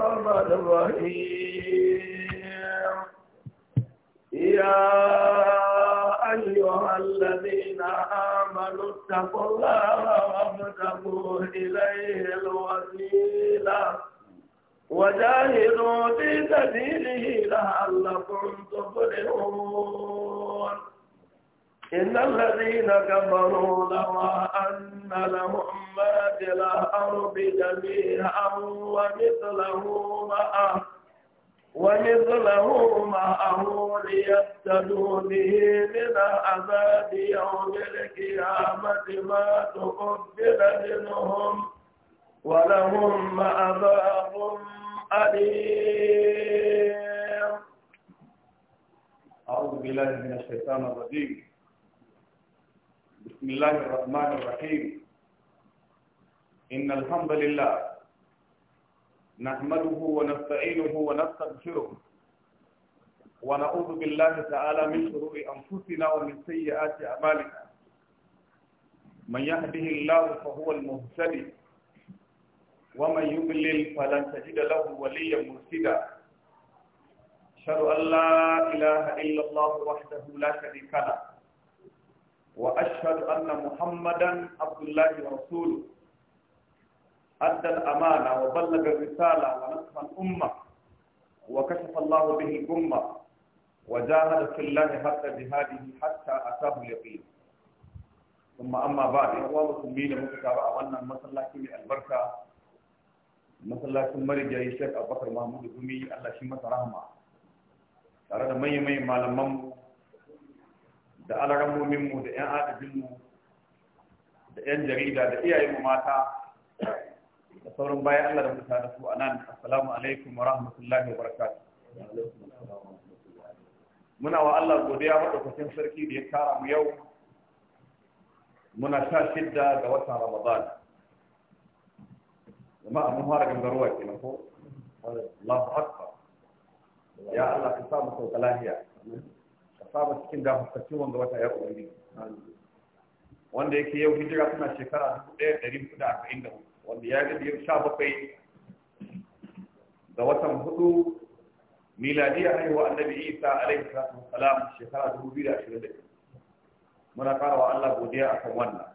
الرحمن الرحيم يا أيها الذين آمنوا اتقوا الله وابتغوا إليه الوسيلة وجاهدوا في سبيله لعلكم تفلحون إن الذين كفروا لو أن لهم ما في الأرض جميعا ومثله معه ومثله معه ليفتدوا به من العذاب يوم القيامة ما تقبل منهم ولهم عذاب أليم أعوذ بالله من الشيطان الرجيم بسم الله الرحمن الرحيم إن الحمد لله نحمده ونستعينه ونستغفره ونعوذ بالله تعالى من شرور أنفسنا ومن سيئات أعمالنا من يهده الله فهو المهتدي ومن يضلل فلن تجد له وليا مرشدا أشهد أن لا إله إلا الله وحده لا شريك له وأشهد أن محمدا عبد الله ورسوله أدى الأمانة وبلغ الرسالة ونصح الأمة وكشف الله به الأمة وجاهد في الله حتى جهاده حتى أتاه اليقين ثم أما بعد إخوة مسلمين متتابعة وأن المصلى كمي البركة مصلى ثم رجعي الشيخ أبو بكر محمود الجمي الله شمس رحمه ترى مي مي معلمان da alaramominmu da 'yan adabinmu da 'yan jarida da iyayenmu mata da sauran bayan Allah da mutane su a nan assalamu alaikum wa rahmatullahi wa barakatuh muna wa Allah godiya madaukakin sarki da ya tara mu yau muna sha shidda ga watan Ramadan jama'a mun fara gangarwa kenan ko Allahu akbar ya Allah ka sa mu sauka lafiya saba cikin gafarkacin wanda wata ya ubangiji wanda yake yau hijira suna shekara dubu ɗaya da ɗari arba'in 1443 wanda ya ga biyar sha bakwai ga watan hudu miladiyar haihuwa annabi isa alaihi salatu wassalam shekara dubu biyu da da ashirin 2021 muna ƙara wa Allah godiya a kan wannan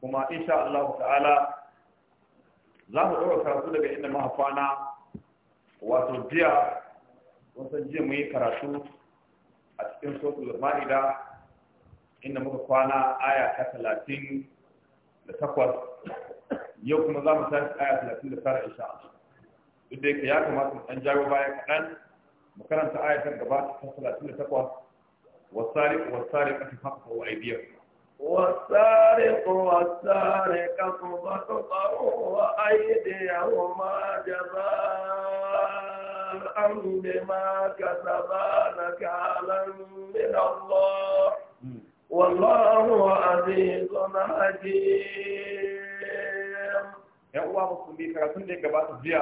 kuma insha Allah ta'ala za mu ɗora karatu daga inda mahafana wato jiya wasan jiya mu yi karatu cikin suratul ma'ida inda muka kwana aya ta talatin da takwas yau kuma za mu tashi aya talatin da tara insha Allah duk da yake ya kamata mu ɗan jawo baya kaɗan mu karanta aya ta gaba ta talatin da takwas والسارق والسارقة فاقطعوا أيديهم والسارق والسارقة فاقطعوا أيديهما جزاء الأرض ما كسبا نكالا من الله والله عزيز حكيم ‘Yan uwa musulmi karatun da ya gabata jiya,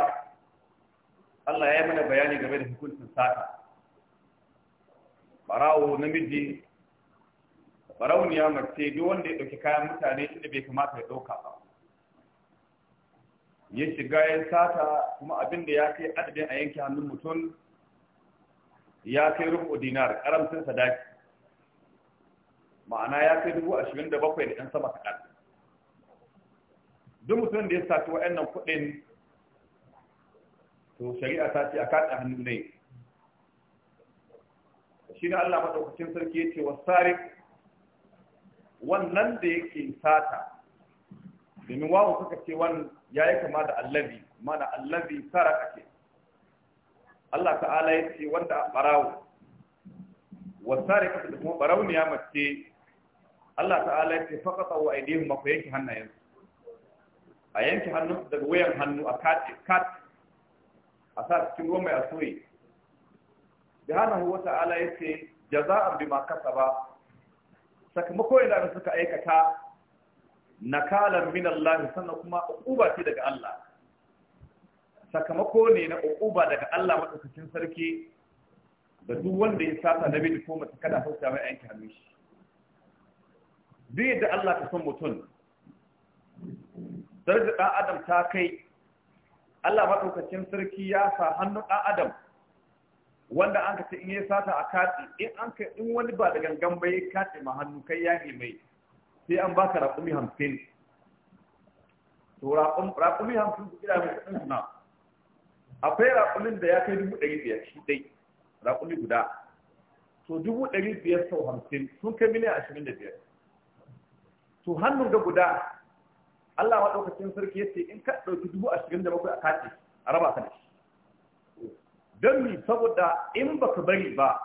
Allah ya yi mana bayani game da hukuncin sata. Barawo namiji, barauniya mace duk wanda ya ɗauki kayan mutane inda bai kamata ya ɗauka ba. ya shiga ya sata kuma abin da ya kai adadin a yanki hannun mutum ya kai rufu dinar karamcin sadaki ma'ana ya kai dubu ashirin da bakwai da 'yan sama kaɗan duk mutum da ya sati wa'annan kuɗin to shari'a ta ce a kaɗa hannu ne shi ne Allah maɗaukacin sarki ya ce wa Sari? wannan da yake sata domin wawon suka ce wani ya yi kama da allazi mana allazi saraka ke Allah ta'ala ya ce wanda a barawo wa sarika da kuma barawo ne ya mace Allah ta'ala ya ce faqata wa aydihim ma ku yanki hannayen a yanki hannu daga wayan hannu a kati kat a sa cikin ruwan mai asoyi hana huwa ta'ala ya ce jaza'an bima kasaba sakamako yana da suka aikata nakalan min Allah sannan kuma uquba ce daga Allah sakamako ne na uquba daga Allah madaukakin sarki da duk wanda ya sata da ko mata kada hausa mai aiki hannu shi duk da Allah ka son mutum daraja ɗan adam ta kai Allah madaukakin sarki ya sa hannun ɗan adam wanda an ka ce in ya sata a kati in an ka in wani ba da gangan bai kati ma hannu kai ya mai sai an baka raƙumi hamsin to raƙumi hamsin su gida mai kuɗin suna akwai raƙumin da ya kai dubu ɗari biyar shi ɗai raƙumi guda to dubu ɗari biyar sau hamsin sun kai miliyan ashirin da biyar to hannun ga guda Allah maɗaukacin sarki ya ce in ka ɗauki dubu ashirin da bakwai a kace a raba ka da shi don mi saboda in baka bari ba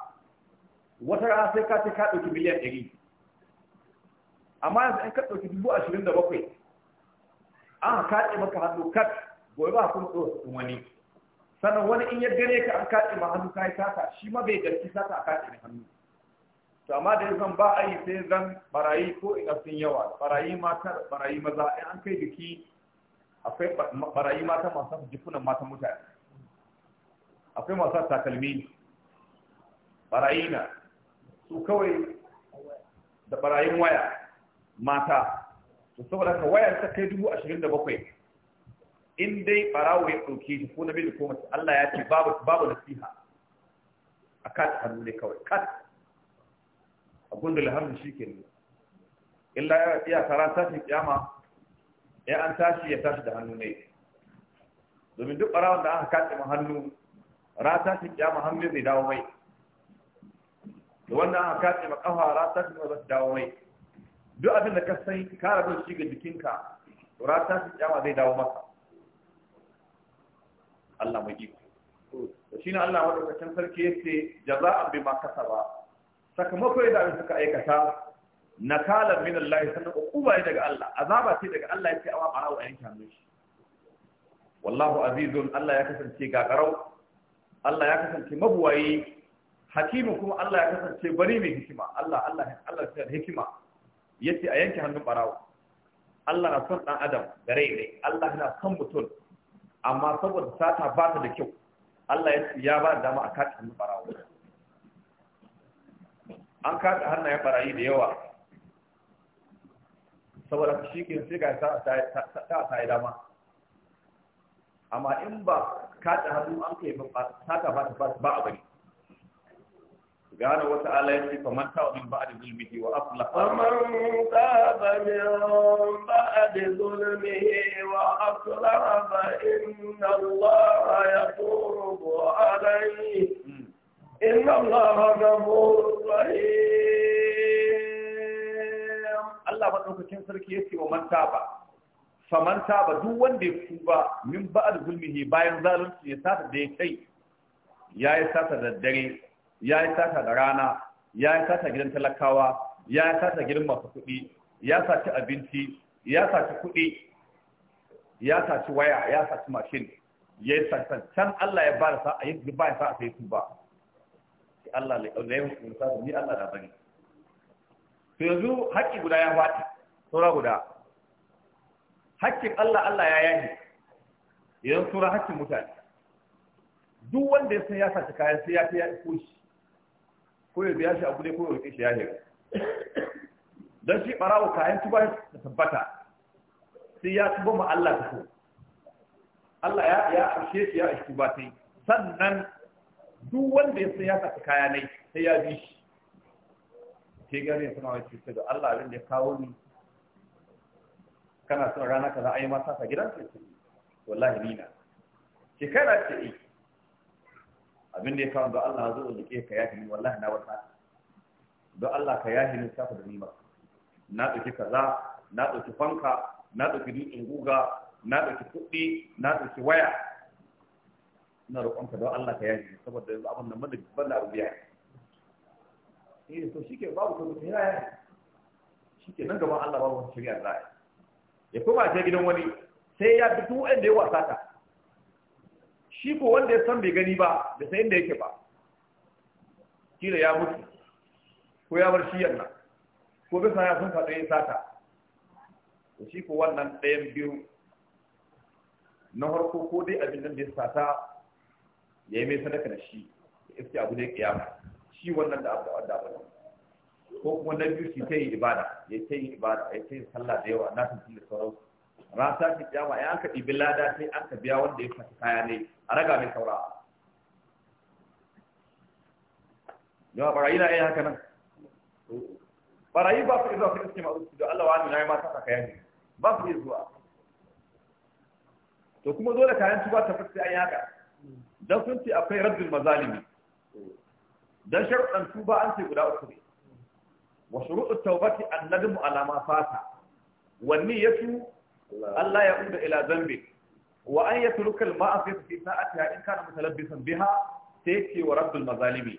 wata rana sai ka ce ka ɗauki miliyan ɗari amma yanzu in ka ɗauki dubu ashirin da bakwai an kaɗe maka hannu kat gobe ba kuma tsohon sun wani sannan wani in ya gane ka an kaɗe ma hannu ka yi sata shi ma bai gaske sata a kaɗe hannu to amma da zan ba a yi sai zan barayi ko ina sun yawa barayi mata barayi maza in an kai biki akwai barayi mata masu jikunan matan mutane akwai masu takalmi barayi na su kawai da barayin waya mata to saboda ka wayar ta kai dubu ashirin da bakwai in dai barawo ya ɗauke shi ko na bai da ko mace Allah ya ce babu babu nasiha a kat hannu ne kawai kat a gundul hannu shi ke ne illa ya iya tara tashi kiyama ya an tashi ya tashi da hannu ne domin duk barawon da aka katse mu hannu ra tashi kiyama hannu zai dawo mai da wanda aka kace ma kafa ra tashi ba zai dawo mai duk abin da ka san ka rabu shi ga jikinka rata shi zai dawo maka Allah mai iko to shine Allah madaukakin sarki yace jaza'an bai kasaba sakamako da abin suka aikata nakala min Allah sannan uquba ne daga Allah azaba ce daga Allah yace awa barawo a yanke shi wallahu azizun Allah ya kasance gagarau Allah ya kasance mabuwayi hakimu kuma Allah ya kasance bari mai hikima Allah Allah Allah ya hikima yace a yanke hannun barawo Allah na son dan adam da rai ne Allah na son mutum amma saboda sata ba ta da kyau Allah ya ba da dama a kaɗa hannun barawo an kaɗa hannayen barayi da yawa saboda shi ke sai ga ta ta yi dama amma in ba kaɗa hannu an kai ba sata ba ba a bari gane wata ala yake fa man ta'a min ba'd zulmihi wa aflaha amara taaba min ba'd zulmihi wa aflaha fa inna allaha yatubu alayhi hmm. inna allaha ghafurur rahim Allah ba dokokin sarki yake wa man ta'a fa man ta'a duk wanda ya tuba min ba'd zulmihi bayan zalunci ya sata da kai ya yi sata da daddare. ya yi sata da rana ya yi sata gidan talakawa ya yi sata gidan masu kuɗi ya saci abinci ya saci kuɗi ya saci waya ya saci mashin ya yi saci can Allah ya bada sa'a yin ba ya sa'a sai ba Allah ne da ya sa ni Allah da bani to yanzu haƙƙi guda ya fati sura guda haƙƙin Allah Allah ya yayi yanzu sura haƙƙin mutane duk wanda ya san ya saci kayan sai ya fi ya iko ko ya biya shi abu ne ko ya shi ya hira don shi barawo kayan tuba da tabbata sai ya tuba ma Allah ta so Allah ya ya arshe shi ya ashi tuba sai sannan duk wanda ya san ya saka kaya nai sai ya bi shi ke gane suna wani sai da Allah abin da ya kawo ni kana son rana kaza ai ma saka gidan ce wallahi ni na ke kana ce eh abin da ya kawo don Allah zo da ke ka yafi ni wallahi na wata don Allah ka yafi ni saka da nima na ɗauki kaza na ɗauki fanka na ɗauki dutsen guga na ɗauki kuɗi na ɗauki waya ina roƙonka don Allah ka yafi ni saboda yanzu abin nan banda banda da rubiya eh to shike babu ko mutum yana shike nan gaban Allah babu wata shari'a za ya kuma ce gidan wani sai ya bi duk wanda ya wasa ta shi ko wanda ya san bai gani ba da sai inda yake ba kila ya mutu ko ya bar shiyar nan ko bisa ya sun faɗo ya sata da shi ko wannan ɗayan biyu na harko ko dai abin nan da ya sata ya yi mai sadaka da shi ya iske abu da ya kiyama shi wannan da abu da abu ko kuma na biyu shi ta yi ibada ya ta yi ibada ya ta yi sallah da yawa na tafi da sauransu rasa shi kiyama ya aka ɗibi lada sai an ka biya wanda ya fata kaya ne a raga mai saurawa yawa barayi na iya haka nan barayi ba su zuwa su iske ma'arufi da Allah wani nayi mata ka kayan ba su iya zuwa to kuma dole kayan tuba ta fasi an haka dan sun ce akwai raddul mazalimi dan sharuɗan tuba an ce guda uku ne wa shuruɗu tawbati annadmu ala ma fata wanni yatu Allah ya unda ila zambi wa an yatruka al ma'asiyata fi sa'atiha in kana mutalabbisan biha sai ce wa raddul mazalimi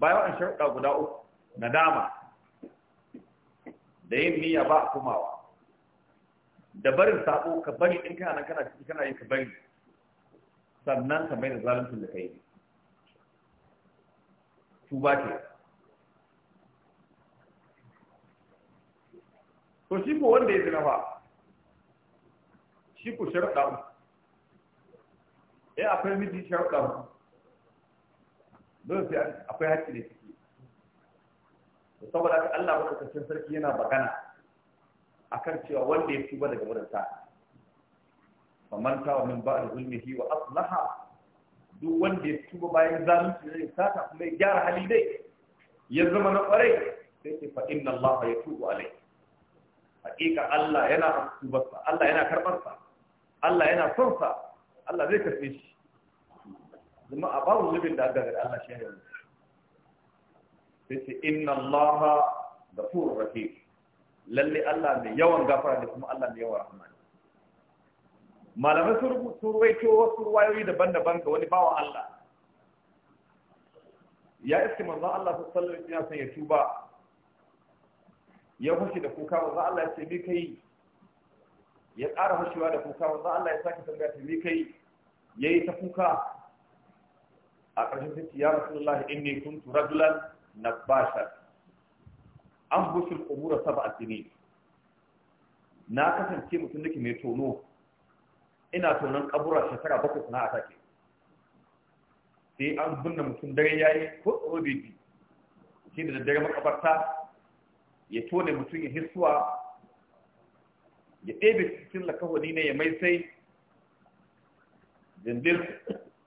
bayan an sharuɗa guda uku nadama da yin niyya ba a komawa da barin sabo ka bari in kana kana ciki kana yi ka bari sannan ka mai da zalunci da kai ba ke. to shi ko wanda ya zina ba shi ko sharuɗa uku eh akwai miji sharuɗa uku don sai akwai haƙƙi da ciki saboda haka Allah madaukakin sarki yana a kan cewa wanda ya tuba daga wurinsa fa manta wa min ba'd zulmihi wa aslaha duk wanda ya tuba bayan zalunci ya sata kuma ya gyara hali dai ya zama na kwarai sai ke fa inna Allah ya tubu alai hakika Allah yana tubarsa Allah yana karɓarsa, Allah yana sonsa. Allah zai karɓe shi zama a babu zubin da aka gada Allah shayar ne sai ce inna Allah furu rafi lalle Allah mai yawan gafara da kuma Allah mai yawan rahmani ne malamai sun ruwaito wasu ruwayoyi daban-daban ga wani bawan Allah ya iske manzan Allah su tsallon ya san ya tuba ya fashe da kuka manzan Allah ya ce ni kai ya ƙara fashewa da kuka manzan Allah ya sake tambaya ta ni kai yi ta kuka a ƙarshen sai ya rasulullahi inni kuntu rajulan nabasha an bushe kubura sab'a sini na kasance mutum nake mai tono ina tonon kabura shekara bakwai a take sai an binne mutum dare yayi ko tsoro da yi shi da daddare makabarta ya tone mutum ya hirsuwa ya ɗebe cikin lakawani ne ya mai sai jindil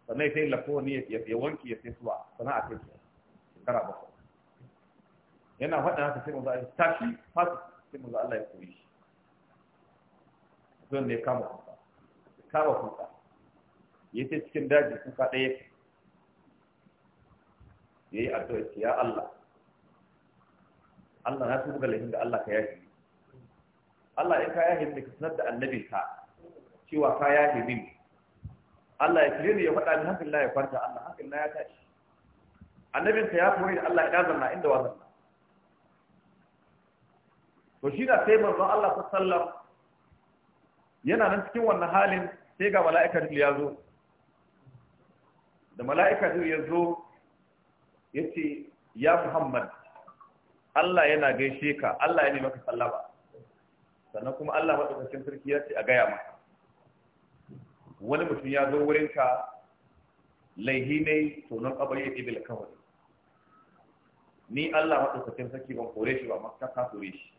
sannan ya sai lafo ne ya wanki ya sai suwa sana'a ta ce shekara ba yana faɗin haka sai manzo Allah tashi fasu sai manzo Allah ya koyi shi zan ne kama kuka kama kuka ya ce cikin daji kuka ɗaya ya yi addu'a ce ya Allah Allah na tuba laifin da Allah ka yahi Allah in ka yahi ne ka sanar da annabinka cewa ka yahi ni. Allah ya kire ni ya faɗa ni hankali na ya kwanta Allah hankali na ya tashi annabinsa ya koyi da Allah ya zanna inda wazan to shi na sai manzon Allah sallallahu yana nan cikin wannan halin sai ga mala'ika Jibril ya zo da mala'ika Jibril ya zo ya ce ya Muhammad Allah yana gaishe ka Allah ya nemi ka sallama sannan kuma Allah madaukakin sarki ya ce a gaya maka wani mutum ya zo wurin ka laihi ne tonon kabari ya ɗibil kawai ni Allah maɗaukakin saki ban kore shi ba ma ka kore shi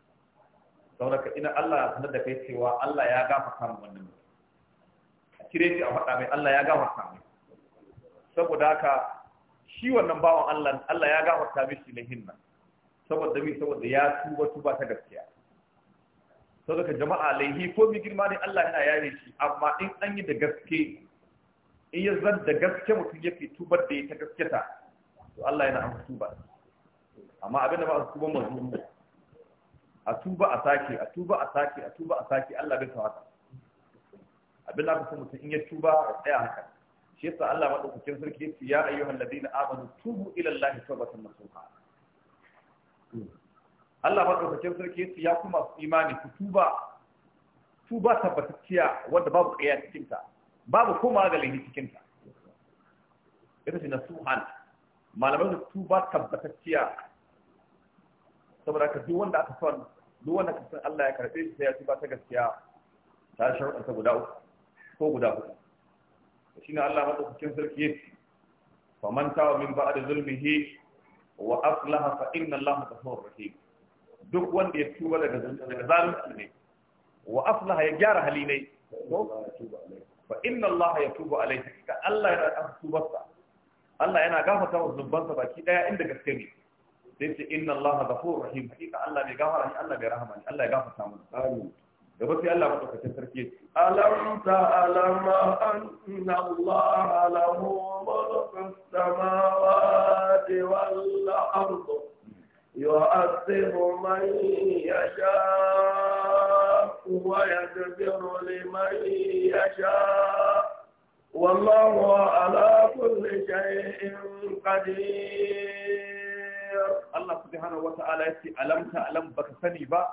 saboda ina Allah ya sanar da kai cewa Allah ya gafarta mu wannan a kire shi a faɗa mai Allah ya gafarta mai saboda haka shi wannan bawan Allah Allah ya gafarta mishi laihin nan saboda mi saboda ya tuba tuba ta gaskiya saboda jama'a laihi ko mi girma ne Allah yana yare shi amma in an yi da gaske in ya zan da gaske mutum yake tubar da ya ta gaske ta to Allah yana amsa tuba amma abin da ba su tuba mazmum a tuba a sake a tuba a sake a tuba a sake Allah bai tawata abin da kuma mutum in ya tuba a tsaya haka shi yasa Allah madaukakin sarki ya yace ya ayyuhal ladina amanu tubu ila Allah tawbatan nasuha Allah madaukakin sarki yace ya kuma su imani ku tuba tuba tabbatacciya wanda babu ƙaya cikinta babu koma ga lahi cikinta ta ita ce nasuhan malamai da tuba tabbatacciya saboda ka duk wanda aka son duk wanda ka san Allah ya karɓe shi sai ya tuba ta gaskiya ta sharuɗa guda uku ko guda uku shine Allah madaukakin sarki yace faman tawa min ba'a da zulmihi wa aslaha fa inna Allah ghafurur rahim duk wanda ya tuba daga daga zalunci ne wa aslaha ya gyara hali ne fa inna Allah ya tuba alaihi ka Allah yana an tubarsa Allah yana gafarta wa zunubansa baki daya inda gaske ne sai ce inna Allah ghafurur rahim ka Allah bai gafara ni Allah bai rahama ni Allah ya gafarta mu amin da wasu Allah madaukakin sarki ya ce alam ta alama anna Allah lahu mulku samawati wal ardh يعذب من يشاء ويغفر لمن يشاء والله على كل شيء قدير الله سبحانه وتعالى يسي ألم تعلم بكسني با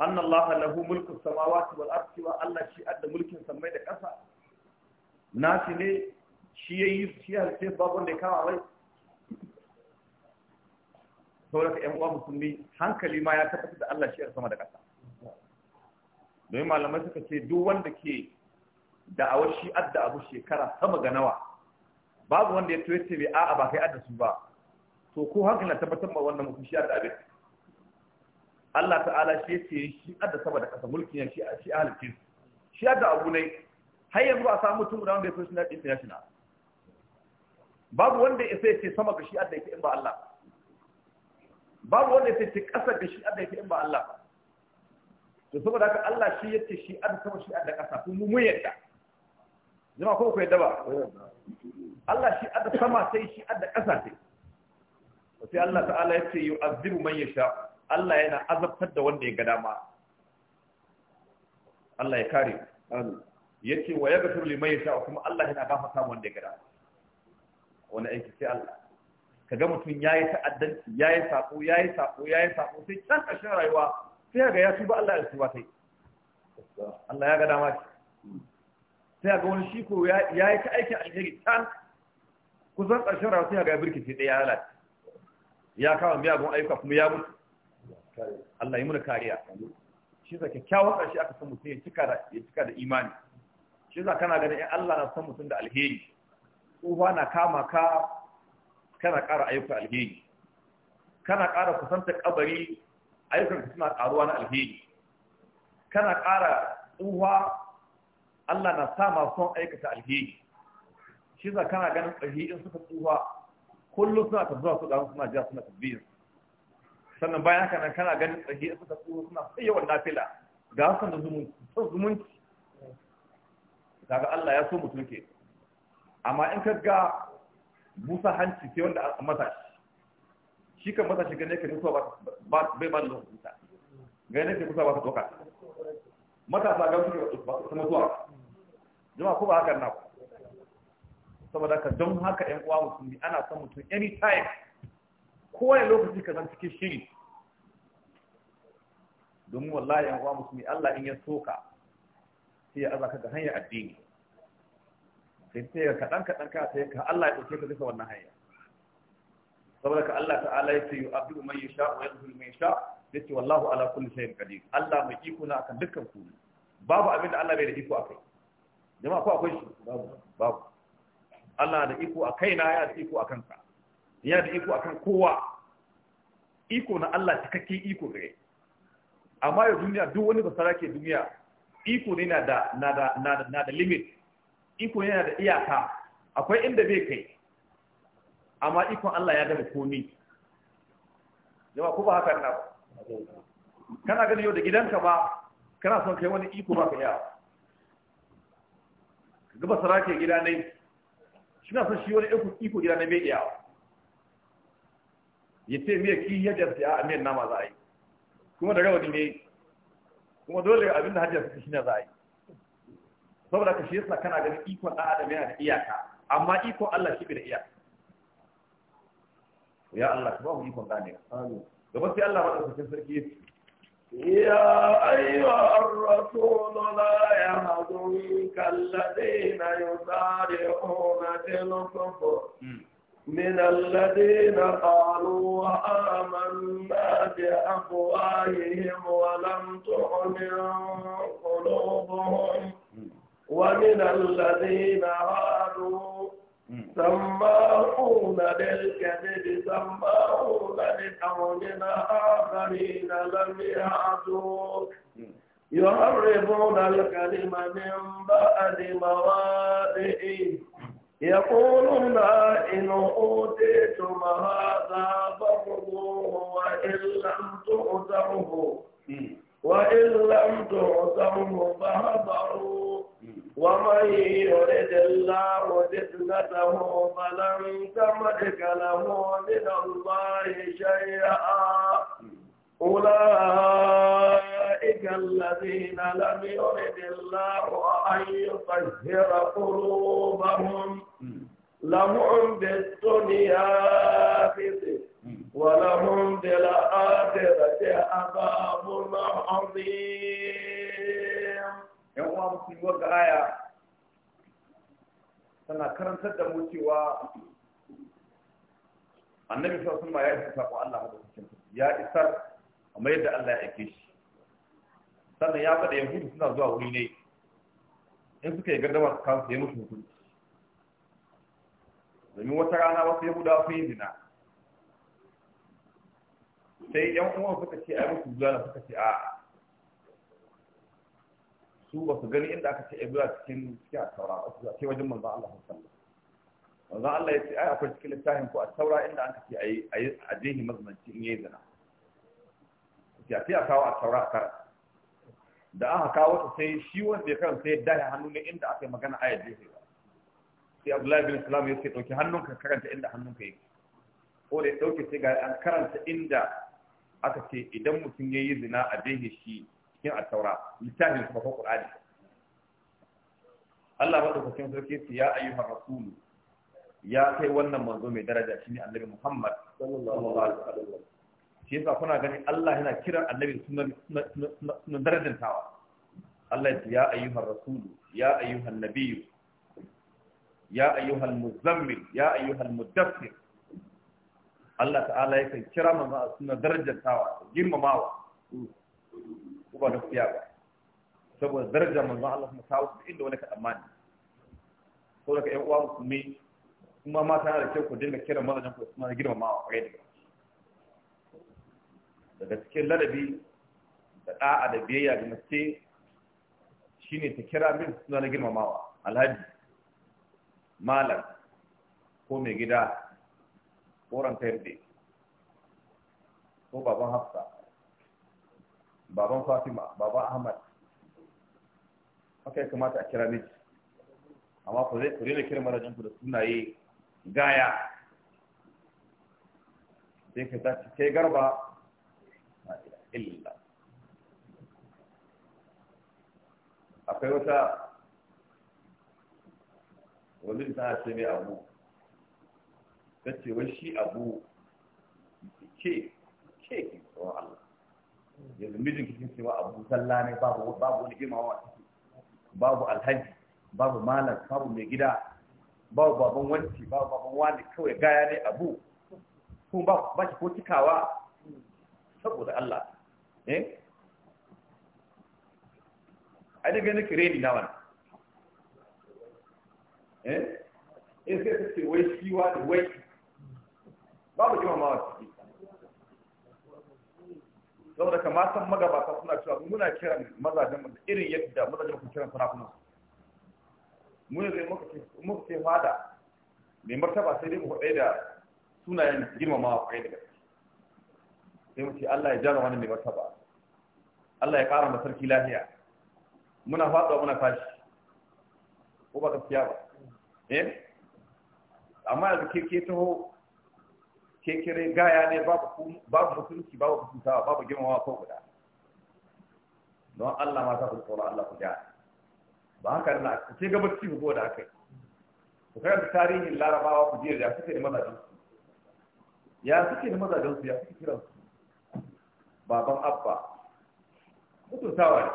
أن الله له ملك السماوات والأرض والله شيء أدى ملك سمي دكسا ناسي ne shi ya yi shi ya halitta babu da kawo mai saboda ƴan uwa musulmi hankali ma ya tabbatar da Allah shi sama da ƙasa domin malamai suka ce duk wanda ke da'awar shi adda abu shekara sama ga nawa babu wanda ya toye ce bai a'a ba kai adda su ba to ko hankali na tabbatar ma wannan mutum shi adda abin Allah ta'ala shi yace shi adda sama da ƙasa mulkin ya shi shi halittin shi adda abu ne har yanzu ba a samu mutum da wanda ya so shi na international babu wanda ya sai ce sama ga shi adda ke in ba Allah ba babu wanda ya ce kasar da shi adda yake in ba Allah ba to saboda haka Allah shi yake shi adda sama shi adda kasa kuma mu yadda jama'a ko ku yadda ba Allah shi adda sama sai shi adda kasa sai sai Allah ta'ala yace yu'azzibu man yasha Allah yana azabtar da wanda ya ga dama Allah ya kare amin ce wa yaghfiru liman yasha kuma Allah yana gafarta wanda ya ga dama wani aiki sai Allah kaga mutum ya yi ta'addanci ya ya sako yayi sako yi sako sai can ƙarshen rayuwa sai ga ya tuba Allah ya tuba sai Allah ya ga dama sai ga wani shi ko yi ta aikin alheri can kusan ƙarshen rayuwa sai ga ya birkice ɗaya ya lalace ya kawo miyagun ayyuka kuma ya mutu Allah yi muna kariya shi za kyakkyawan ƙarshe aka san mutum ya cika da imani shi za kana ganin in Allah na san mutum da alheri tsufa na kama ka kana ƙara ayyukan alheri kana ƙara kusanta kabari ayyukan suna ƙaruwa na alheri kana ƙara tsuwa Allah na sa masu son aikata alheri shi za kana ganin alheri in suka tsuwa kullum suna tafiya su ɗan suna jiya suna tafiya sannan bayan haka nan kana ganin alheri in suka tsuwa suna tsayawan nafila ga hasan da zumunci daga Allah ya so mutum ke amma in ka ga busa hanci sai wanda aka masa shi shi kan masa shi gane ka kusa ba bai ba da zuwa ta gane ka kusa ba ka doka matasa ga suke ba su kuma zuwa jama'a ko ba haka na ku saboda ka don haka ƴan uwa musulmi ana son mutum anytime kowane lokaci ka zan cikin shiri domin wallahi ƴan uwa musulmi Allah in ya soka sai ya azaka ga hanyar addini sai sai ka kaɗan kaɗan ka sai ka Allah ya ɗauke ka bisa wannan hanya saboda ka Allah ta'ala ya ce yu abdu man yasha wa yadhu man yasha yace wallahu ala kulli shay'in qadir Allah mai iko na akan dukkan ku babu abin da Allah bai da iko akai jama'a ko akwai shi babu babu Allah da iko a kaina ya da iko a kanka ya da iko akan kowa iko na Allah cikakken iko gare amma ya duniya duk wani basara ke duniya iko ne na da na da na da limit iko yana da iyaka akwai inda bai kai amma ikon Allah ya gama komi jama'a ko ba haka na kana ganin yau da gidanka ba kana son kai wani iko ba ka yawa gaba sarake gida ne shi na son shi wani iko gida ne bai yawa ya ce miya ki yadda su a amiyar nama za a yi kuma da rawani ne kuma dole abinda da hajjar su shi na za a yi saboda ka shi yasa kana ganin ikon ɗan adam yana da iyaka amma ikon Allah shi bai da iyaka ya Allah ka ba mu ikon gane gaba sai Allah ba da sarki ya يا أيها الرسول لا يهزنك الذين يسارعون في الكفر من الذين قالوا آمنا بأفواههم ولم تؤمن قلوبهم ومن الذين هادوا سماعون للكذب سماعون لقوم آخرين لم يعدوك يحرفون الكلم من بعد مواضعه يقولون إن أوتيتم هذا فخذوه وإن لم تؤتوه وإن لم تؤتوه فاحذروا ومن يرد الله فتنته فلن تملك له من الله شيئا أولئك الذين لم يرد الله أن يطهر قلوبهم لهم بالدنيا خزي ولهم بالآخرة عذاب عظيم yan uwa musulmi wanda aya tana karantar da mu cewa annabi sallallahu alaihi ya isa sako Allah da cikin ya isar amma yadda Allah ya aike shi sannan ya bada yahudu suna zuwa wuri ne in suka yi gaddama su kawo su yi musu hukunci domin wata rana wasu yahudawa sun yi zina sai yan uwan suka ce a yi musu zuwa suka ce a'a su ba su gani inda aka ce ibra cikin cikin taura a su ce wajen manzo Allah sallallahu alaihi wasallam Allah ya ce ai akwai cikin littafin ko a taura inda aka ce ai ai ajehi mazmanci in yayi zina ya ce a kawo a taura a kara da aka kawo ta sai shi wanda ya karan sai daya hannu ne inda aka yi magana a yadda ya sai Abdullahi bin Salam ya ce dauki hannunka karanta inda hannunka yake ko da ya dauke sai ga an karanta inda aka ce idan mutum yayi zina a jehi shi cikin at-taura littafin kuma ko qur'ani Allah ya ayyuhar rasul ya kai wannan manzo mai daraja shine annabi Muhammad sallallahu alaihi wasallam shi yasa kuna gani Allah yana kiran annabi sunan sunan darajantawa Allah ya ayyuhar rasul ya ayyuhan nabiyyu ya ayyuhal muzammil ya ayyuhal mudaffir Allah ta'ala ya kira manzo a sunan girmamawa ba na kuya ba saboda darajar manzo Allah kuma sawo su inda wani ka tsammani ko daga ƴan uwa musulmi kuma mata na da kyau ku dinga kiran mazajen ku suna girmamawa kwarai da daga cikin ladabi da da'a da biyayya ga mace shine ta kira min suna na girmamawa alhaji malam ko mai gida ko rantar ko baban hafsa baban fatima baban ahmad haka ya kamata a kira miji amma ku zai kure da kiran marajin ku da sunaye gaya sai ka tashi kai garba illa akwai wata wani ta ce mai abu ta ce wai shi abu ke ke ke Allah yanzu mijin kikin cewa abu salla ne babu babu wani imawa babu alhaji babu malam babu mai gida babu baban wanci babu baban wani kawai gaya ne abu kuma ba ba shi ko cikawa saboda Allah eh ai daga nake reni na wannan eh eh sai ce wai shi wa wai babu jama'a ma wa ciki saboda ka matan magabata suna cewa muna kiran mazajen mu irin yadda mazajen mutum kiran sarakunan su mu yanzu muka ce muka ce fada mai martaba sai dai mu kwaɗai da sunayen girmamawa kwaɗai da gaske sai mu ce Allah ya ga wani mai martaba Allah ya ƙara ma sarki lafiya muna faɗuwa muna fashi ko ba gaskiya ba eh amma yanzu ke ke taho kekere gaya ne babu mutunci babu mutuntawa babu girmama ko guda don Allah ma za ku tsoro Allah ku ja ba haka na ku ke ci ku goda akai ku karanta tarihin larabawa ku jiya da suke da mazajen ya suke da mazajen su ya suke kiran baban abba mutuntawa ne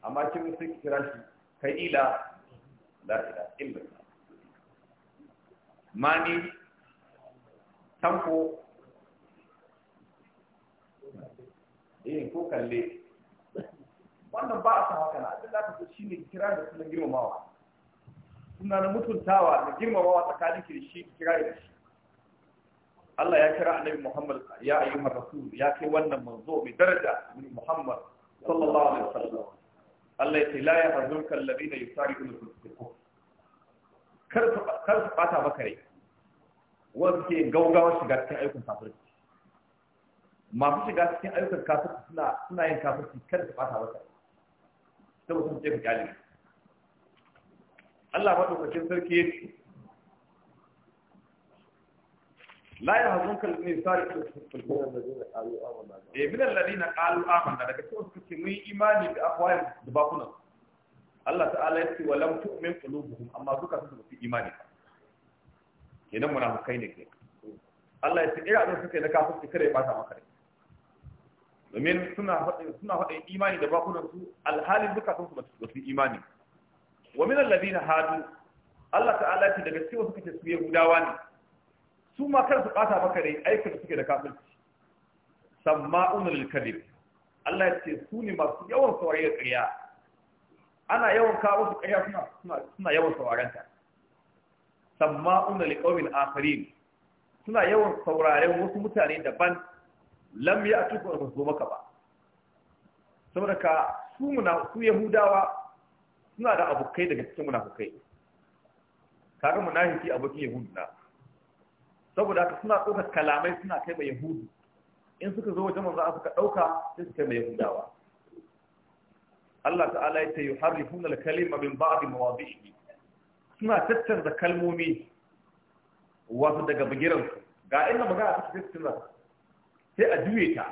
amma kin suke kiran shi kai ila la ila illa mani tanko eh ko kalle wannan ba a san haka na abin da aka so ne, kira da sunan girmamawa suna na mutuntawa da girmamawa tsakanin kirishi kira da shi Allah ya kira annabi Muhammad ya ayyuhar rasul ya kai wannan manzo mai daraja ni Muhammad sallallahu alaihi wasallam Allah ya tilaya la Ladina alladhina yusari'una fil kufr kar su bata maka rai wanda suke gaugawa shiga cikin ayyukan kafirci masu shiga cikin ayyukan kafirci suna suna yin kafirci kada su fata wata saboda sun ce ku kyale Allah madaukakin sarki ya ce لا يهزمك الذين da في الكفر من الذين قالوا آمنا daga cikin su ce mun imani da akwai da bakuna Allah ta'ala ya ce wa lam tu'min qulubuhum amma suka su su imani ba kenan munafukai ne ke Allah ya ce ira eh, abin suka yi na kafirci kada ya bata maka rai domin suna faɗin suna faɗin imani da bakunan su alhalin sun su ba su imani wa min alladhina hadu Allah ta'ala ce daga cikin suka ce su gudawa ne su ma kansu bata maka rai aikin suke da kafirci samma'un lil kadhib Allah ya ce su ne masu yawan saurayar ƙarya ana yawan kawo su ƙarya suna suna yawan ta. sama'una liqawmin akharin suna yawan sauraren wasu mutane daban lam ya tuku ba zo maka ba saboda ka su muna su yahudawa suna da abokai daga cikin munafukai kaga munafiki abokin yahudu na saboda haka suna ɗaukar kalamai suna kai mai yahudu in suka zo wajen manzo suka ɗauka sai su kai mai yahudawa Allah ta'ala ya ce yuharrifuna al-kalima min ba'di mawadi'ihi suna tattanza kalmomi wasu daga bagiransu ga inda magana a cikin suna sai a juye ta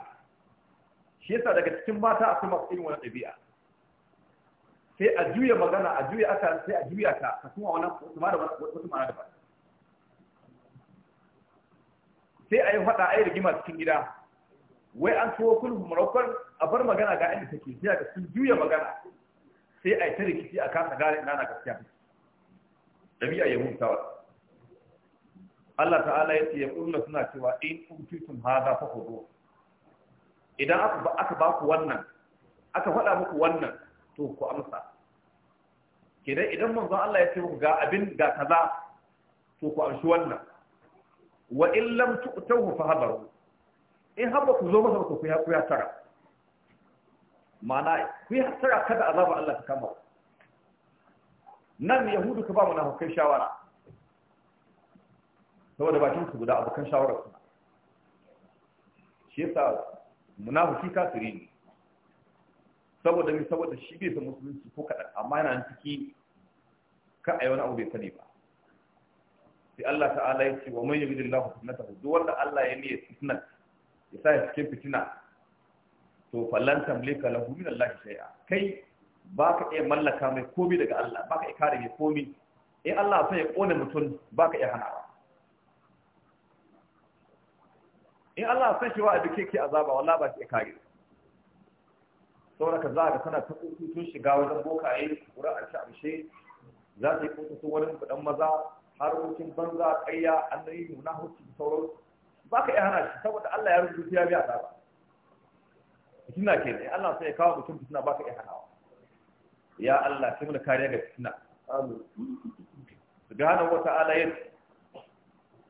shi yasa daga cikin mata a kuma irin wani ɗabi'a sai a juya magana a juya aka sai a juya ta ta kuma wani ma da wasu ma da sai a yi faɗa a yi rigima cikin gida wai an tuwo kulhu marokon a bar magana ga inda take sai a sun juya magana sai a yi ta rikici a kasa gane ina na gaskiya dabi'a ya mun kawai Allah ta'ala ya ce ya kulla suna cewa in kuntum hadha fa hudu. idan aka aka ba ku wannan aka faɗa muku wannan to ku amsa kenan idan manzon Allah ya ce muku ga abin ga kaza to ku amshi wannan wa in lam tu'tahu fa habaru in habba ku zo masa ku ku ya tara ma'ana ku ya tara kada azaba Allah ta kama ku nan yahudu ka ba mu nahukai shawara saboda bakin su guda abokan shawarar suna shi yasa munafiki kafiri ne saboda mai saboda shi bai san musulunci ko kaɗan amma yana ciki ka a wani abu bai sani ba sai Allah ta'ala ya ce wa man yuridu Allahu fitnatahu duk wanda Allah ya niyya fitina ya sa ya cikin fitina to fallan tamlika lahu min Allah shay'a kai ba ka iya mallaka mai komi daga Allah ba ka iya kare mai komi in Allah sai ya kone mutum ba ka iya hanawa in Allah sai shi wa abu ke ke azaba wallahi ba shi iya kare saboda za ka tana ta tun shiga wajen bokaye wurin ci arshe za ta yi kuntutun wani budan maza harkokin banza kayya annayi nuna hutu da sauran ba ka iya hana shi saboda Allah ya rubuta ya biya azaba ba fitina ke ne Allah sai ya kawo mutum fitina ba ka iya hanawa ya Allah kai mana kariya ga fitina amin gana wa ta'ala yin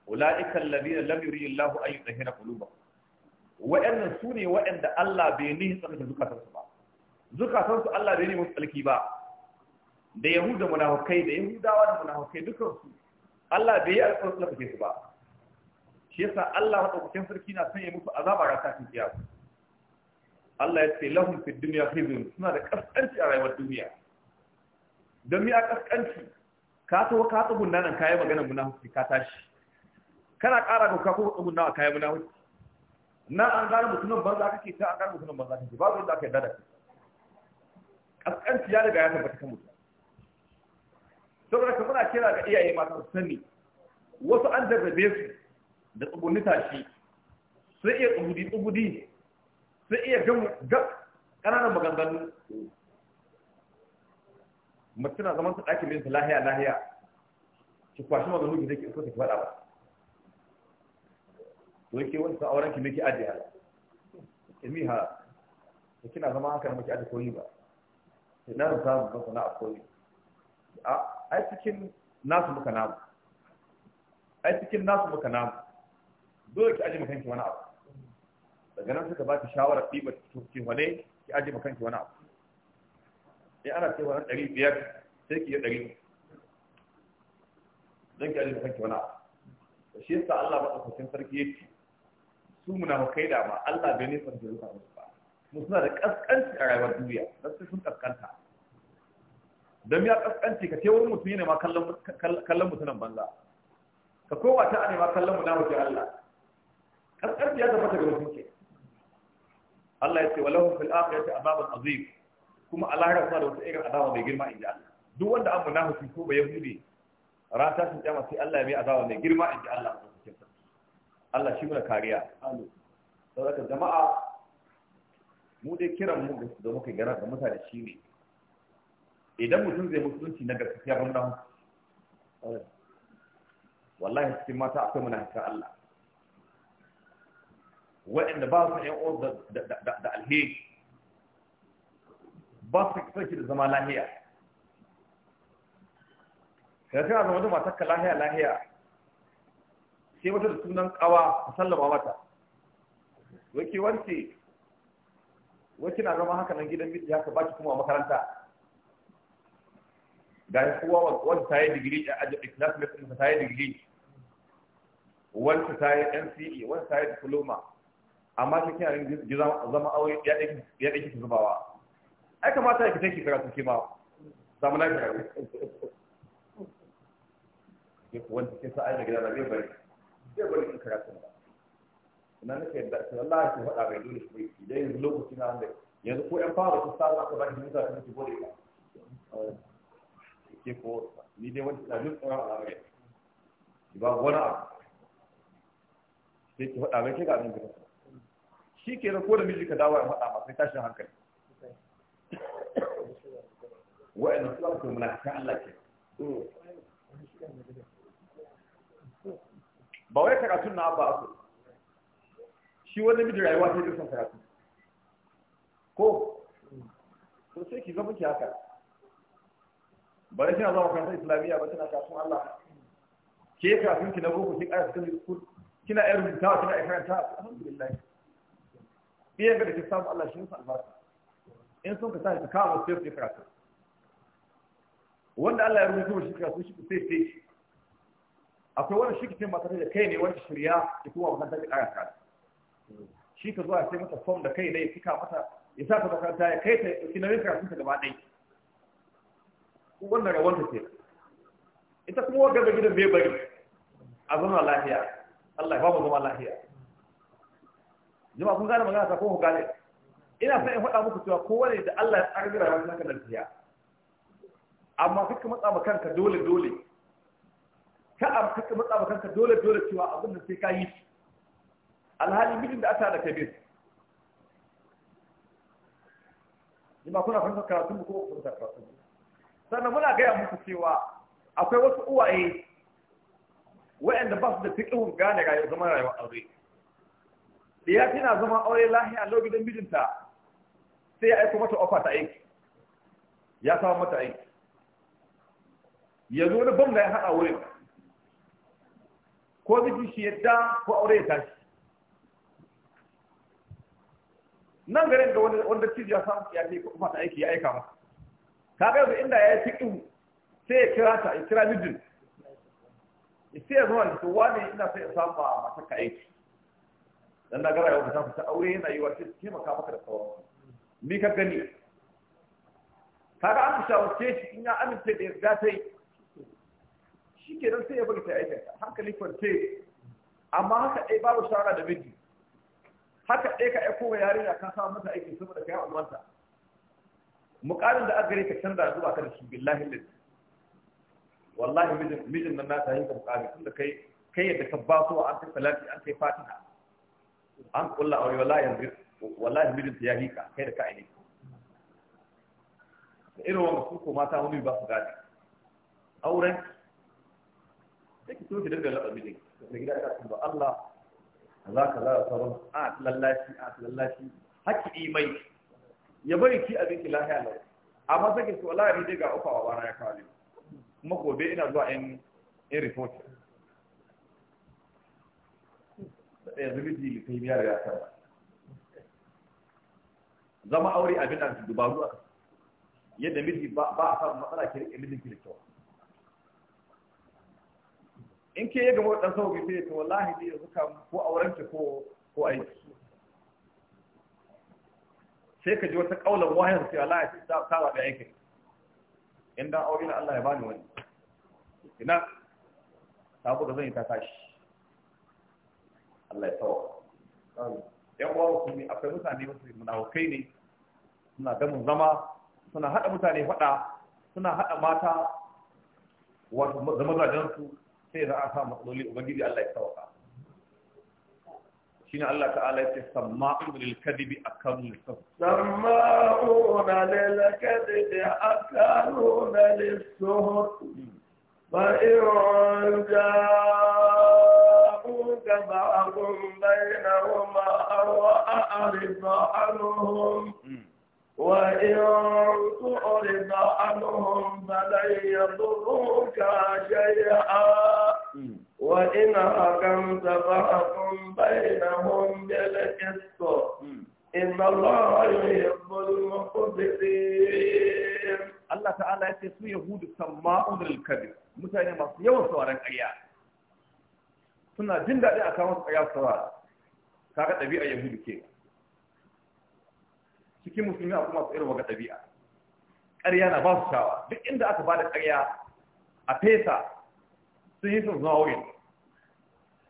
ulaika alladhina lam yurid Allah an wa annas suni wa wa'anda Allah bai nihi tsarkake zukatansu ba zukatansu Allah bai nihi musu tsarki ba da yahuda munafukai da yahudawa da munafukai dukan su Allah bai yi alƙawarin tsarkake su ba shi yasa Allah madaukakin sarki na sanya musu azaba ra kafin kiyasu Allah ya ce lahum fi dunya khizun suna da kaskanci a rayuwar duniya don mi a kaskanci ka to ka gunna nan kayan magana munafiki ka tashi kana ƙara ka ko tsugun nan kayan munafiki nan an gane mutumin banza kake ta an gane mutumin banza kake babu yadda aka yarda da kaskanci ya riga ya tabbata kan mutum saboda ka muna kira ga iyaye mata su sani wasu an jarrabe su da tsugunni tashi sai iya tsugudi tsugudi sai iya gan ƙananan maganganu mace na zaman su ɗakin minta lahiya lahiya ki kwashi maganganu ki zai ki iskota ki faɗa ba to yake wani sa auren ki ne ki ajiye hala ilmi hala da kina zama haka na maki ajiye koyi ba na da samun ba sana'a koyi a ai cikin nasu muka namu ai cikin nasu muka namu dole ki ajiye makanki wani abu daga nan suka ba ta shawarar ɗiba cewane ki aje ma kanki wani abu in ana cewa na ɗari biyar sai ki yi ɗari Zan ki aje ma kanki wani abu da shi yasa Allah ba ɗaukacin sarki ya ce su munafukai da ma Allah bai nisan da zuwa musu ba mu suna da ƙasƙanci a rayuwar duniya don sai sun ƙasƙanta don ya ƙasƙanci ka ce wurin mutum yana ma kallon mutumin banza ka kowa ta ne ma kallon munafukin Allah ƙasƙanci ya tabbata ga mutum ke Allah ya ce wa lahum fil akhirati azabun azim kuma a lahira suna da wata irin azaba mai girma in ji Allah duk wanda an munafiki ko ba yahudi ran tashin kiyama sai Allah ya mai azaba mai girma in ji Allah Allah shi muna kariya saboda jama'a mu dai kiran mu da muka gara ga mutane shi ne idan mutum zai musulunci na gaskiya ban dan wallahi cikin mata akwai munafika Allah waɗanda ba su yan uwan da alheri ba su sarki da zama lahiya ka kana zama da matakka lahiya lahiya sai wata da sunan kawa ta sallama mata wake wance wake na zama haka nan gidan miji haka baki kuma makaranta ga kowa wata ta yi digiri a ajiyar classmates ta yi digiri wanda ta yi nce wanda ta yi diploma amma ki kina ganin zama aure ya dake ya dake ki zubawa ai kamata ki take karatu ki ma samu na karatu ke wanda ke sa ai daga da bari zai bari in karatu ba ina nake da Allah ki faɗa bai dole ki idan yanzu lokacin nan da yanzu ko yan fara su sa za ka ba ki mutane sun ki gode ba ke ko ni dai wani tsarin tsoron al'amari ba wani abu sai ki faɗa mai ke ga abin da ka shi ke ko da miji ka dawo a faɗa masu tashin hankali wa'in su aka munafikan Allah ke ba wai karatun na ba su shi wani miji rayuwa ta yi son karatu ko to sai ki zama ki haka bare kina zama karanta islamiyya ba kina karatun Allah ke kafin ki na boko ki ƙara cikin kina yar rubutawa kina karanta alhamdulillah biyan da ke samu Allah shi musu albarka in sun ka sa ka kawo sai su karatu wanda Allah ya rubuta shi karatu shi sai sai akwai wani shi kitin mata da kai ne wani shirya ki kuma wannan ta kai karatu shi ka zuwa sai mata form da kai ne ya mata ya sa ta makaranta ya kai ta ki ɗauki karatu karatun ta gaba ɗaya wannan rawar ta ce ita kuma wa gidan bai bari a zama lafiya Allah ya ba mu zama lafiya jama'a kun gane magana ta ko gane. ina sai in faɗa muku cewa wani da Allah ya tsara rayuwar nan kan lafiya amma kuka matsa ma kanka dole dole ka am kuka matsa ma kanka dole dole cewa abin da sai ka yi shi alhali mijin da aka da kabir jama'a kuna fahimtar karatu ko kuma fahimtar karatu sannan muna gaya muku cewa akwai wasu uwaye wa'anda ba su da fiƙihun gane rayuwar zaman rayuwar aure da ya tana zama aure lahiya lau gidan mijinta sai ya aiko mata ofa ta aiki ya samu mata aiki yanzu wani bamba ya haɗa wurin ko miji shi yadda ko aure ya tashi nan garin da wanda cikin ya samu ya fi kuma ta aiki ya aika ma. ka ga yanzu inda ya yi cikin sai ya kira ta ya kira mijin sai ya su wani ina sai ya samu a matakan aiki dan na gara yau ta fita aure yana yi wa sai su taimaka maka da tsawon. ni ka gani kaga an shawarce shi in ya amince da yarda ta yi shi ke nan sai ya bari ta yi aikata hankali kwance amma haka ɗaya babu shara da miji haka ɗaya ka aiko kowa yarinya kan samu mata aiki saboda kai umarta muƙalin da aka ka canza zuwa ka da shi billahi lillahi wallahi mijin nan na ta yi ka muƙalin tunda kai kai yadda ka ba so an kai salati an kai fatiha an kulla aure wallahi yanzu wallahi mijinta ya hika kai da ka aini da irin wanda su ko mata wani ba su gane auren sai ki so ki dinga laɓa mijin da gida ka tun ba Allah za ka za ka sauran a lallashi a lallashi haƙƙi imai ya bari ki abin ki lahiya lau amma sake su so wallahi dai ga ofawa bana ya kawo kuma gobe ina zuwa in in report yanzu miji kai ya sarra zama aure abin da dubaru aka yadda miji ba a samun matsala ke rike mijin da kyau in ke gaba gama dan sauki sai to wallahi dai yanzu kam ko auren ki ko ko aiki sai ka ji wata kaulan wahayar sai Allah ya ta ta da yake in da aure na Allah ya bani wani ina sabu da zan yi ta tashi Allah ya tsawo yan uwa musulmi akwai mutane musulmi munafukai ne suna damun zama suna haɗa mutane faɗa suna haɗa mata wato da mazajensu sai za a sa matsaloli ubangiji Allah ya shi shine Allah ta'ala ya ce sama'un lil kadibi akalun sab sama'un lil kadibi akalu lis suhut Ba'i'un hmm. ja'a تبعهم بينهما أو أعرض عنهم وإن تعرض عنهم فلن يضروك شيئا وإن حكمت فحكم بينهم بالقسط إن الله يحب المقسطين Allah ta'ala ya ce su Yahudu samma'un lil kadhib mutane masu yawan sauraron ƙarya suna jin daɗi a kawo su ƙarya su saurara kaga ɗabi'a yahudu ke cikin musulmi a kuma su irin waga ɗabi'a ƙarya na ba su shawa duk inda aka bada ƙarya a fesa sun yi sun zama wurin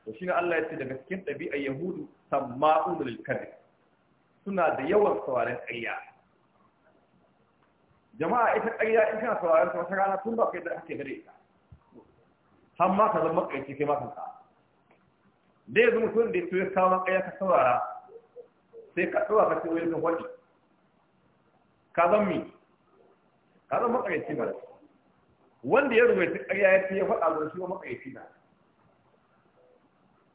to shi Allah ya ce daga cikin ɗabi'a ya yahudu samma'u da lilkari suna da yawan sauraren ƙarya jama'a ita ƙarya in kana sauraren ta wata rana tun ba kai da ake gare ita har ma ka zama ƙarfi kai ma kanka da yanzu mutum da ya kawo kaya ka saurara sai ka tsawa ka tsawo yanzu wani ka zan mi ka zan makarici ba wanda ya rubuta ƙarya ya ce ya faɗa gurin shi wa makarici na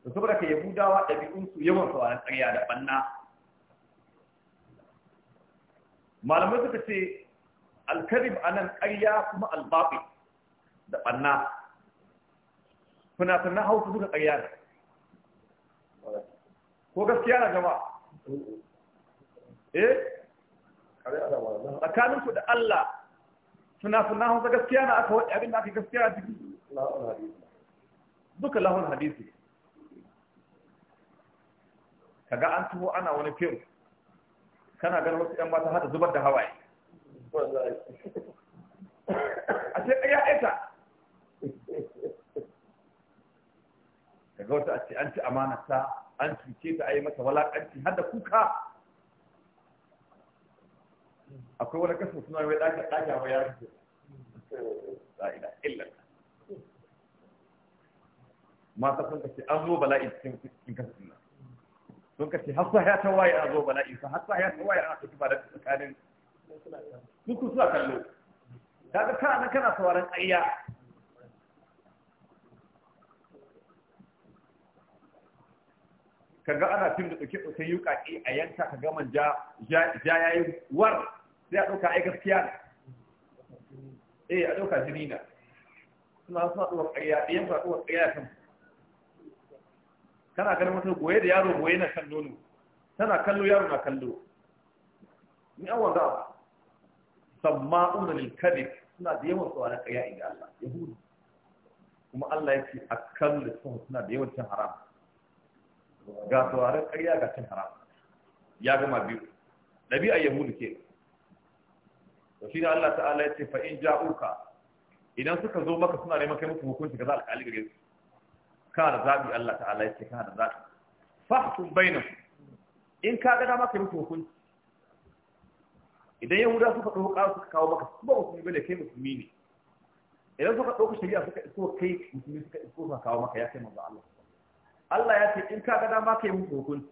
da saboda ka yahudawa su yawan sauraron ƙarya da ɓanna malamai suka ce alkarib a nan ƙarya kuma albaɓi da ɓanna fina-finan hausa suka ƙarya da ko gaskiya na jama'a eh tsakanin ku da Allah suna suna hausa gaskiya na aka wadda abin da aka gaskiya a ciki duka lahun hadisi kaga an tuho ana wani fim kana ganin wasu yan mata hada zubar da hawaye a ce ya aita kaga wata a ce an ci amana ta an cuce ta a yi masa walakanci har da kuka akwai wani kasar suna mai ɗakin ɗakin wa yaro la'ila illa mata sun kace an zo bala'i cikin cikin kasar suna sun kace har sa ya ta waye an zo bala'i sa har sa ya ta waye ana tafi ba da tsakanin su suna kallo kaga kana kana sauraron ayya kaga ana fim da ɗauke ɗauke yuka ƙi a yanka ka gaman ja ja yayi war sai a ɗauka ai gaskiya eh a ɗauka jini na suna suna ɗuwar ƙarya ɗiyan a ɗuwar ƙarya kan kana ganin wata goye da yaro goye na kan nono tana kallo yaro na kallo ni an wanda Samma samma'una lil suna da yawan tsawa na ƙarya inda Allah yahudu kuma Allah ya ce a da suna da yawan cin haramu ga sauraron ƙarya ga cin haram ya gama biyu ɗabi'a yahudu ke da shi ne Allah ta'ala ya ce fa in ja'uka idan suka zo maka suna neman kai muku hukunci a alƙali gare su ka da zabi Allah ta'ala ya ce ka da zabi fahimtun bainahum in ka ga dama kai muku hukunci idan yahuda suka ɗauko ƙara suka kawo maka su ba musulmi bane kai musulmi ne idan suka ɗauko shari'a suka iso kai musulmi suka iso suka kawo maka ya kai manzo Allah Allah ya ce in ka ga dama kai muku hukunci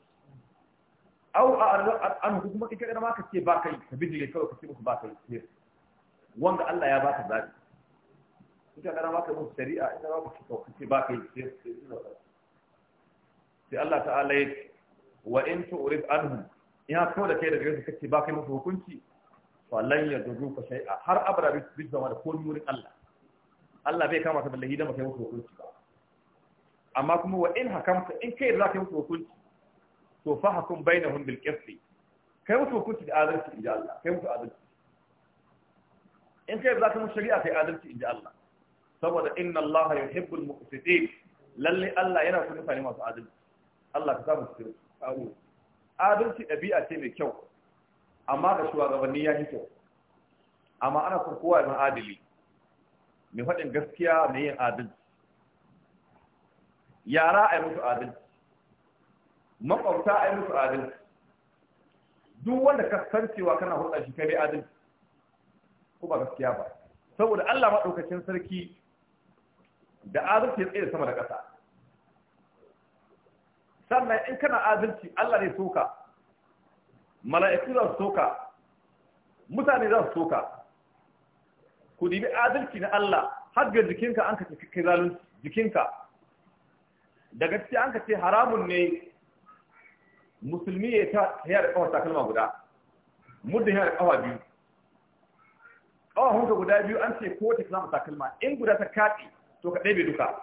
au a an hukuma in ka ga dama ka ce ba kai ka bijire kawai ka ce muku ba kai wanda Allah ya baka zabi in ka ga dama kai muku shari'a in ka ga ka ce ba kai sai Allah ta'ala ya ce wa in tu'rid anhum ya kawo da kai daga gare su kace ba kai musu hukunci fa lan yadru ka shay'a har abada bi zama da komai wurin Allah Allah bai kamata ka da lahida ba kai musu hukunci ba amma kuma wa in hakamta in kai za ka yi musu hukunci to fa hakun bai na bil qisti kai musu hukunci da adalci in ji Allah kai musu adalci in kai za ka musu shari'a kai adalci in ji Allah saboda inna Allah yuhibbul muqsitin lalle Allah yana son mutane masu adalci Allah ka samu su awu. adalci ɗabi'a ce mai kyau amma ga shugabanni ya yi kyau amma ana son kowa ya adali mai faɗin gaskiya mai yin adalci yara a yi musu adalci makwabta a yi musu adalci duk wanda ka san cewa kana hulɗa shi kai adalci ko ba gaskiya ba saboda Allah maɗaukacin sarki da adalci ya tsaye sama da ƙasa sannan in kana adalci Allah ne soka mala'iku za su soka mutane za su soka ku dibi adalci na Allah har ga jikinka an ka kai zalunci jikinka da gaskiya an ka ce haramun ne musulmi ya ta da kawar takalma guda muddin hiyar da kawa biyu kawa hunka guda biyu an ce kowace samu takalma in guda ta kaɗi to ka ɗebe duka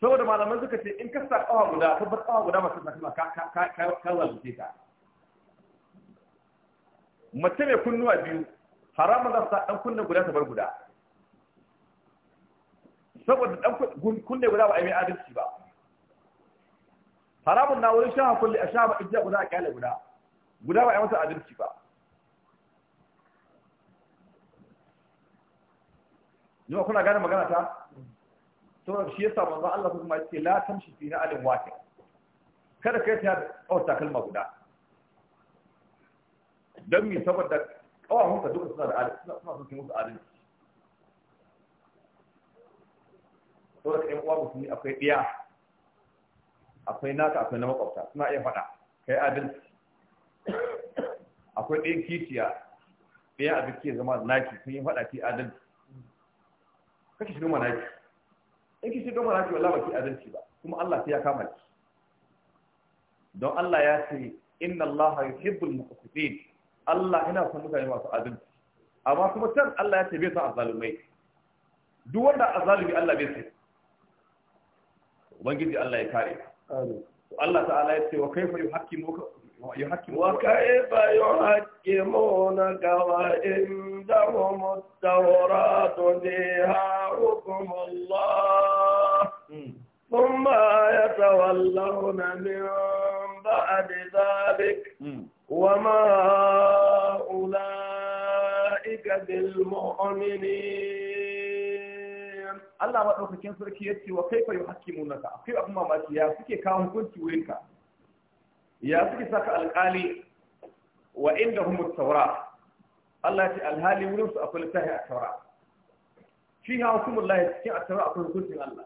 saboda malaman suka ce in ka sa kawa guda ka bar kawa guda masu takalma ka zalunce ta mace mai kunnuwa biyu haramun za su sa ɗan kunnen guda ta bar guda saboda dan kunne guda ba a yi mai adalci ba haramun na wurin shaha kulli a shaha ijiya guda a kyale guda guda ba a yi masa adalci ba yau kuna gane magana ta saboda shi yasa manzo Allah kuma ya ce la tamshi fi alin waqi' kada kai ta kawar takalma guda don mi saboda kawahunka duka suna da adalci suna sun musu adalci saboda ɗan uwa musulmi akwai ɗiya akwai naka akwai na makwabta suna iya faɗa kai adalci akwai ɗayan kishiya ɗaya abin ke zama naki sun yi faɗa ke adalci kashi shiga manaki in kishi shiga manaki wala ba adalci ba kuma Allah sai ya kama ki don Allah ya ce inna Allah yuhibbul muqsitin Allah Ina son mutane masu adalci amma kuma can Allah ya ce bai san azzalumai duk wanda azzalumi Allah bai san ubangiji Allah ya kare Allah ta'ala ya ce wa kaifa yuhaqqimuka وكيف يحكمونك وعندهم التوراة فيها حكم الله ثم يتولون من بعد ذلك وما أولئك بالمؤمنين Allah maɗaukakin sarki ya ce wa kai fa yuhakimu naka akwai abin mamaki ya suke kawo hukunci wurinka ya suke saka alƙali wa inda humu taura Allah ce alhali wurin su akwai littafi a taura shi ha hukumullahi cikin a taura akwai hukuncin Allah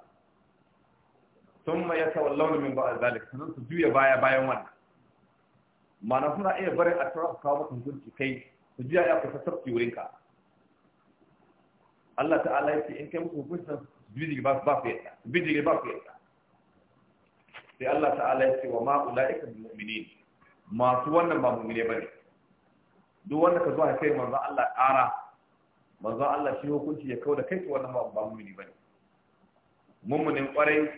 thumma yatawallawna min ba'd zalik sanan su juya baya bayan wannan ma'ana suna iya barin a taura su kawo maka hukunci kai su juya ya kusa sabti wurinka Allah ta'ala ya ce in kai muku hukuncin bidige ba ba ku yadda bidige ba ku yadda sai Allah ta'ala ya ce wa ma ulaika bil mu'minin masu wannan ba mu'mine bane duk wanda ka zo a kai manzo Allah ƙara manzo Allah shi hukunci ya kauda kai wannan ba ba mu'mini bane mu'minin kwarai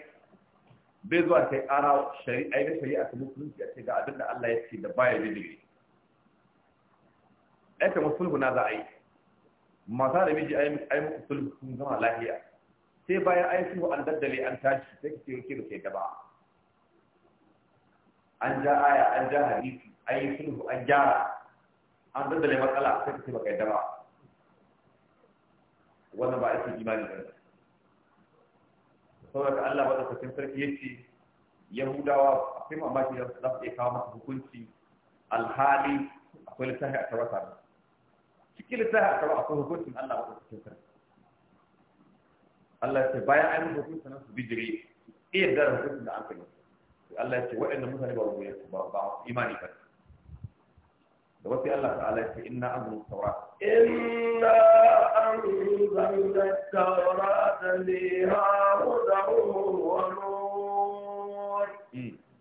bai zuwa kai ƙara shari'a da shari'a ta musulunci a ce ga abin da Allah ya da baya bidige ai musulhu na za a yi mata da miji ai muku sulhu kun zama lahiya sai bayan ai sulhu an daddale an tashi sai ki ce ki ke gaba an ja aya an ja hadisi an yi sulhu an gyara an daddale matsala sai ki ce baka yadda ba wannan ba ake imani ba saboda Allah ba da cikin sarki yace Yahudawa akwai mamaki da za su iya kawo masa hukunci alhali akwai littafi a tabbata cikin littafin akwai akwai hukuncin Allah a cikin sarki Allah ya ce bayan an yi hukuncin su bijire iya dara hukuncin da an kai Allah ya ce waɗanda mutane ba ruwa ba ba imani ba da wasu Allah ta'ala ya ce inna anzalna tawrat inna anzalna tawrat liha hudan wa nur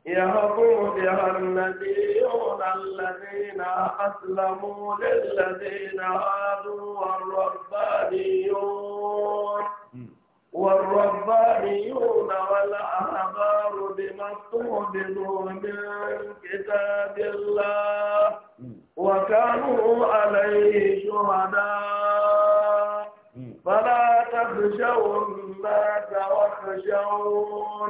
يهبوا بها النبيون الذين أسلموا للذين هادوا والربانيون والربانيون والأحبار بما استهدفوا من كتاب الله وكانوا عليه شهداء فلا تخشوا الناس واخشون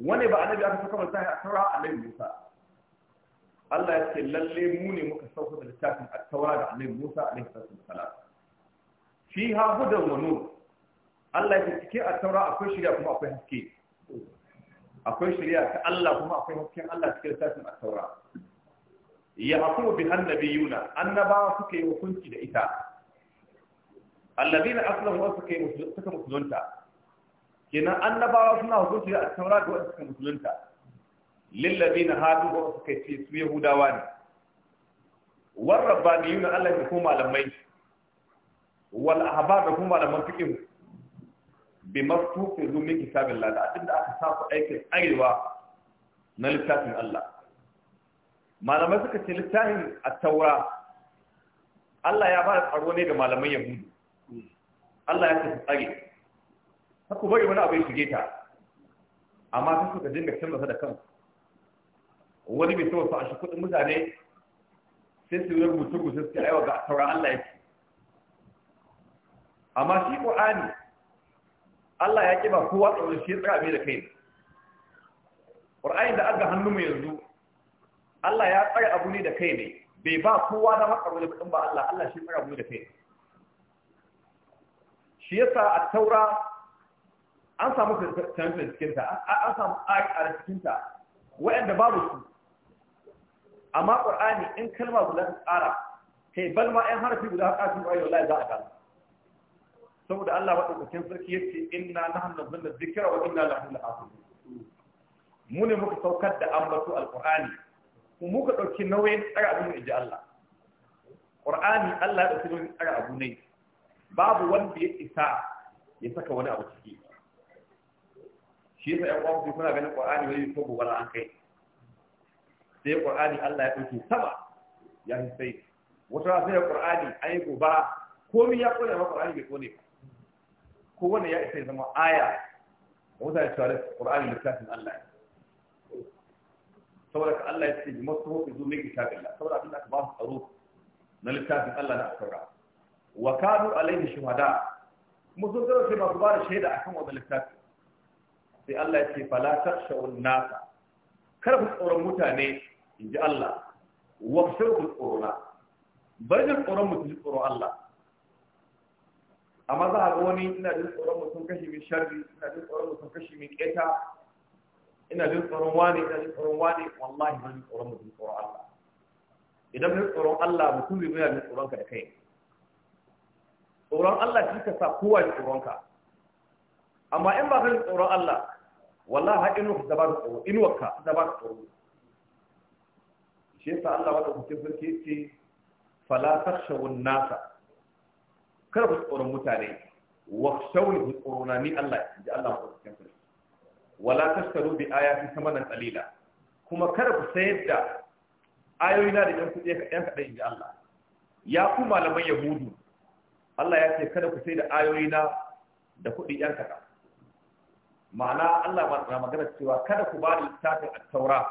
wani ba annabi aka saka masa a taura annabi Musa Allah ya ce lalle mu ne muka sauka da littafin a taura da annabi Musa alaihi salatu wasalam fi ha hudan wa nur Allah ya ce cikin a taura akwai shirya kuma akwai haske akwai shirya ta Allah kuma akwai hasken Allah cikin littafin a taura ya hakumu bi annabiyuna annabawa suke yi hukunci da ita alladina aslamu wa suka musulunta kenan annabawa suna hukunci da taura ga wanda suka musulunta lillazina hadu ba suka ce su yahudawa ne war rabbaniyuna Allah ya kuma malamai wal ahbar da kuma malaman fiqh bi mastufi min kitabillah da abinda aka safa aikin arewa na littafin Allah malamai suka ce littafin at-taura Allah ya ba da tsaro ne ga malaman yahudu Allah ya ce tsare ku bari wani abu ya shige ta amma sai suka dinga canza da kansu wani bai tabbata a shi kudin mutane sai su yi rubutu rubutu su aiwa ga sauran Allah ya ce amma shi Qur'ani Allah ya kiba kowa tsoron shi tsara mai da kai Qur'ani da aga hannu mai yanzu Allah ya tsara abu ne da kai ne bai ba kowa da makaro da kudin ba Allah Allah shi tsara abu ne da kai shi yasa a taura an samu tantan cikinta an samu ayar cikinta waɗanda babu su amma Al-Qur'ani, in kalma guda ta tsara kai bal ma 'yan harafi guda ta ƙasin ƙwayo lai za a gano saboda Allah cikin sarki ya ce inna na hannun zanna zikira wa inna na hannun hafizu mu ne muka saukar da ambato alƙur'ani kuma muka ɗauki nauyin tsara abin ji Allah Al-Qur'ani Allah ya ɗauki nauyin tsara abu ne babu wanda ya isa ya saka wani abu ciki shi yasa ƴan uwa suna ganin qur'ani wai ko gobara an kai sai qur'ani Allah ya dauke sama ya yi sai wata sai qur'ani ai gobara komai ya kone ma qur'ani bai kone ko wanda ya isa zama aya wata ya tsare qur'ani littafin Allah saboda ka Allah ya ce masu zo mai kitabin Allah saboda abin da aka ba su tsaro na littafin Allah na asara wa kanu alaihi shuhada kuma sun zama sai masu ba da shaida akan wannan littafin sai Allah ya ce fala takshawun nasa kar ku tsoron mutane in ji Allah wa ku tsorona bar jin tsoron mutum ji tsoron Allah amma za a ga wani ina jin tsoron mutum kashi min sharri ina jin tsoron mutum kashi min keta ina jin tsoron wani ina jin tsoron wani wallahi ban jin tsoron mutum tsoron Allah idan ka tsoron Allah mutum zai yana jin tsoron ka da kai tsoron Allah shi ka sa kowa ya tsoron ka amma in ba ka tsoron Allah wallahi har inuwa da ba ka tsoro inuwa ka da ba ka tsoro shi yasa Allah wata hukuncin sarki ce fala takhshawun nasa kada ku tsoron mutane wa khshawni ku tsorona ni Allah ji Allah hukuncin sarki wala tashtaru bi ayati samanan qalila kuma kada ku sayar da ayoyi na da yan kuɗi yan kaɗan inji Allah ya ku malaman yahudu Allah ya ce kada ku sayar da ayoyi na da kuɗi yan kaɗan ma'ana Allah ba na magana cewa kada ku bani littafin a taura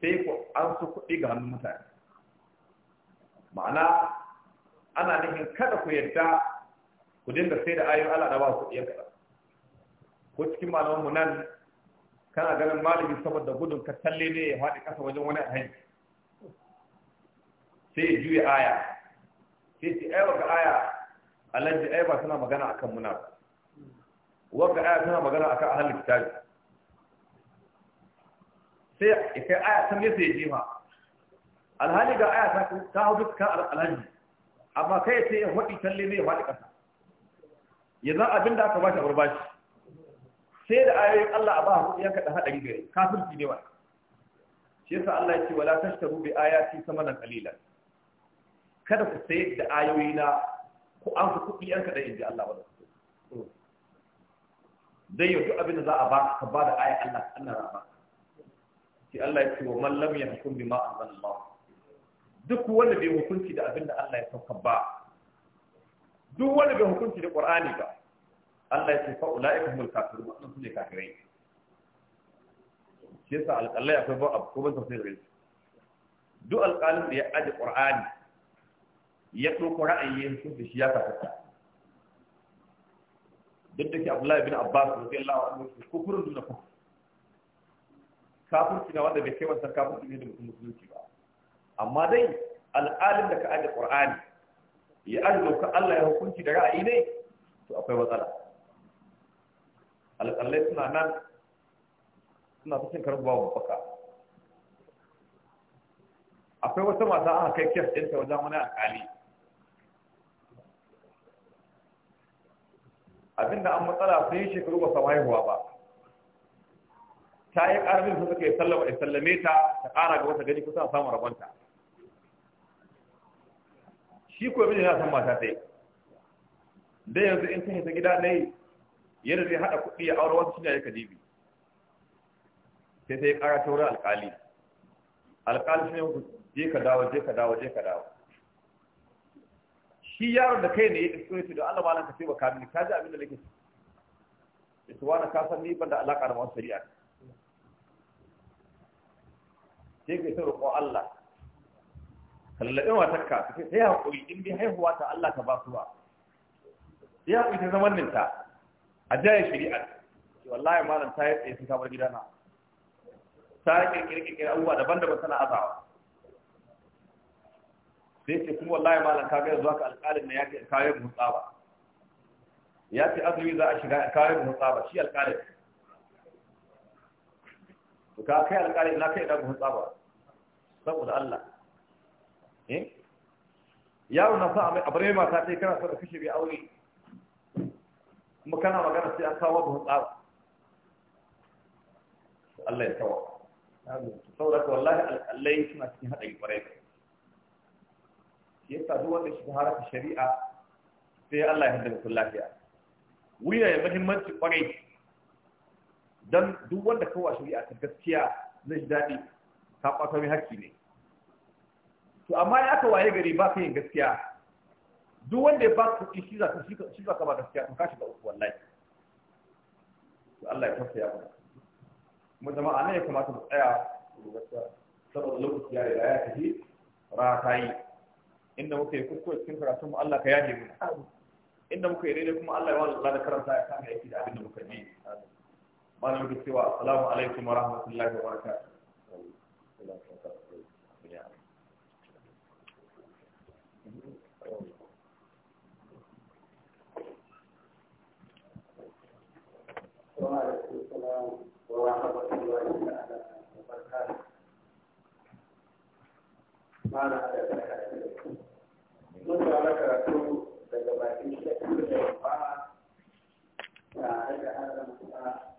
sai ku an su kuɗi ga hannun mutane ma'ana ana nufin kada ku yadda ku dinga sai da ayoyin Allah da ba su iya kaɗan ko cikin malaman mu nan kana ganin malami saboda gudun ka talle ne ya faɗi ƙasa wajen wani a sai ya juya aya sai ce ai ga aya alaji aya ba suna magana a muna ba wanda aya tana magana akan ahlul kitabi sai kai aya ta me sai jima alhali ga aya ta ta hudu ka alhali amma kai sai ya hudi talle ne ya hadi kasa yanzu abinda da aka bashi a barbashi sai da ayoyin Allah a ba hudu yanka da hadari gare kafirci ne wa shi yasa Allah ya ce wala tashtaru bi ayati samanan qalilan kada ku sayar da ayoyina ku an ku kuɗi yanka da inji Allah ba da su Zai yi duk abin da za a ba ka ba da ayi Allah Allah ra ba ki Allah ya ce wa man lam yahkum bima anzalallah duk wanda bai hukunci da abin da Allah ya sauka ba duk wanda bai hukunci da Qur'ani ba Allah ya ce fa ulaika humul kafirun wannan sune kafirai shi yasa alƙalai akwai ba abu ko ban tafsir da duk alƙalin da ya aje Qur'ani ya ɗauko ra'ayi ya hukunta shi ya kafirta duk da ke abdullahi bin abbas radiyallahu anhu ko kurin duna ku kafirci na wanda bai kai wancan kafirci ne da mutum musulunci ba amma dai al'alim da ka aje qur'ani ya aje dokar Allah ya hukunci da ra'ayi ne to akwai matsala alƙalai suna nan suna ta cin karbuwa babbaka akwai wata mata aka kai kiyar ɗinta wajen wani alƙali abinda an matsala sun yi shekaru ba sama haihuwa ba ta yi ƙarfin su suka yi sallama da sallame ta ta ƙara ga wata gani kusa samun rabonta shi ko miji na san mata sai dai yanzu in ta gida ne yadda zai haɗa kuɗi ya aure wata shi ne ya kadibi sai ta yi ƙara ta wurin alƙali alƙali shi ne je ka dawo je ka dawo je ka dawo shi yaron da kai ne ya iso ya ce da Allah malam ka baka ba ka mini ka ji abin da nake ya ce wani kasan ni ban da alaƙa da masu shari'a sai ka ta roƙo Allah ka lallaɓe matarka ka ce sai haƙuri in bi haihuwa ta Allah ka ba su ba sai hakuri ta zaman ninta a jaya shari'a wallahi malam ta yi tsaye sun kamar gidana ta yi kirkirkirkir abubuwa daban-daban tana azawa sai ce kuma wallahi malam kaga yanzu haka alƙalin ne yake kayan mutsaba ya ce azumi za a shiga kayan mutsaba shi alƙalin to ka kai alƙalin na kai da mutsaba saboda Allah eh yaro na sa mai abare mata sai kana so ka kashe bai aure kuma kana magana sai an kawo mutsaba Allah ya tawa saboda wallahi alƙalai suna cikin haɗari ƙwarai shi yasa duk wanda shi haraka shari'a sai Allah ya haddana kun lafiya wuya ya muhimmanci kwarai dan duk wanda kawo shari'a ta gaskiya zai ji daɗi ta ɓata mai haƙƙi ne to amma ya aka waye gari ba ka yin gaskiya duk wanda ya ba ka kuɗi shi za ka shi za ka ba gaskiya to ka shiga uku wallahi to Allah ya tausaya mana kuma jama'a nan ya kamata mu tsaya saboda lokaci ya riga ya tafi ratayi inda muka yi kuskure cikin karatun mu Allah ka yaje mu inda muka yi daidai kuma Allah ya wada da karanta ya kama yaki da abin da muka ji malamin da cewa assalamu alaikum wa rahmatullahi wa barakatuh وعليكم ورحمة الله وبركاته mana da karatu mun fara karatu daga bakin shekaru da fara tare da Allah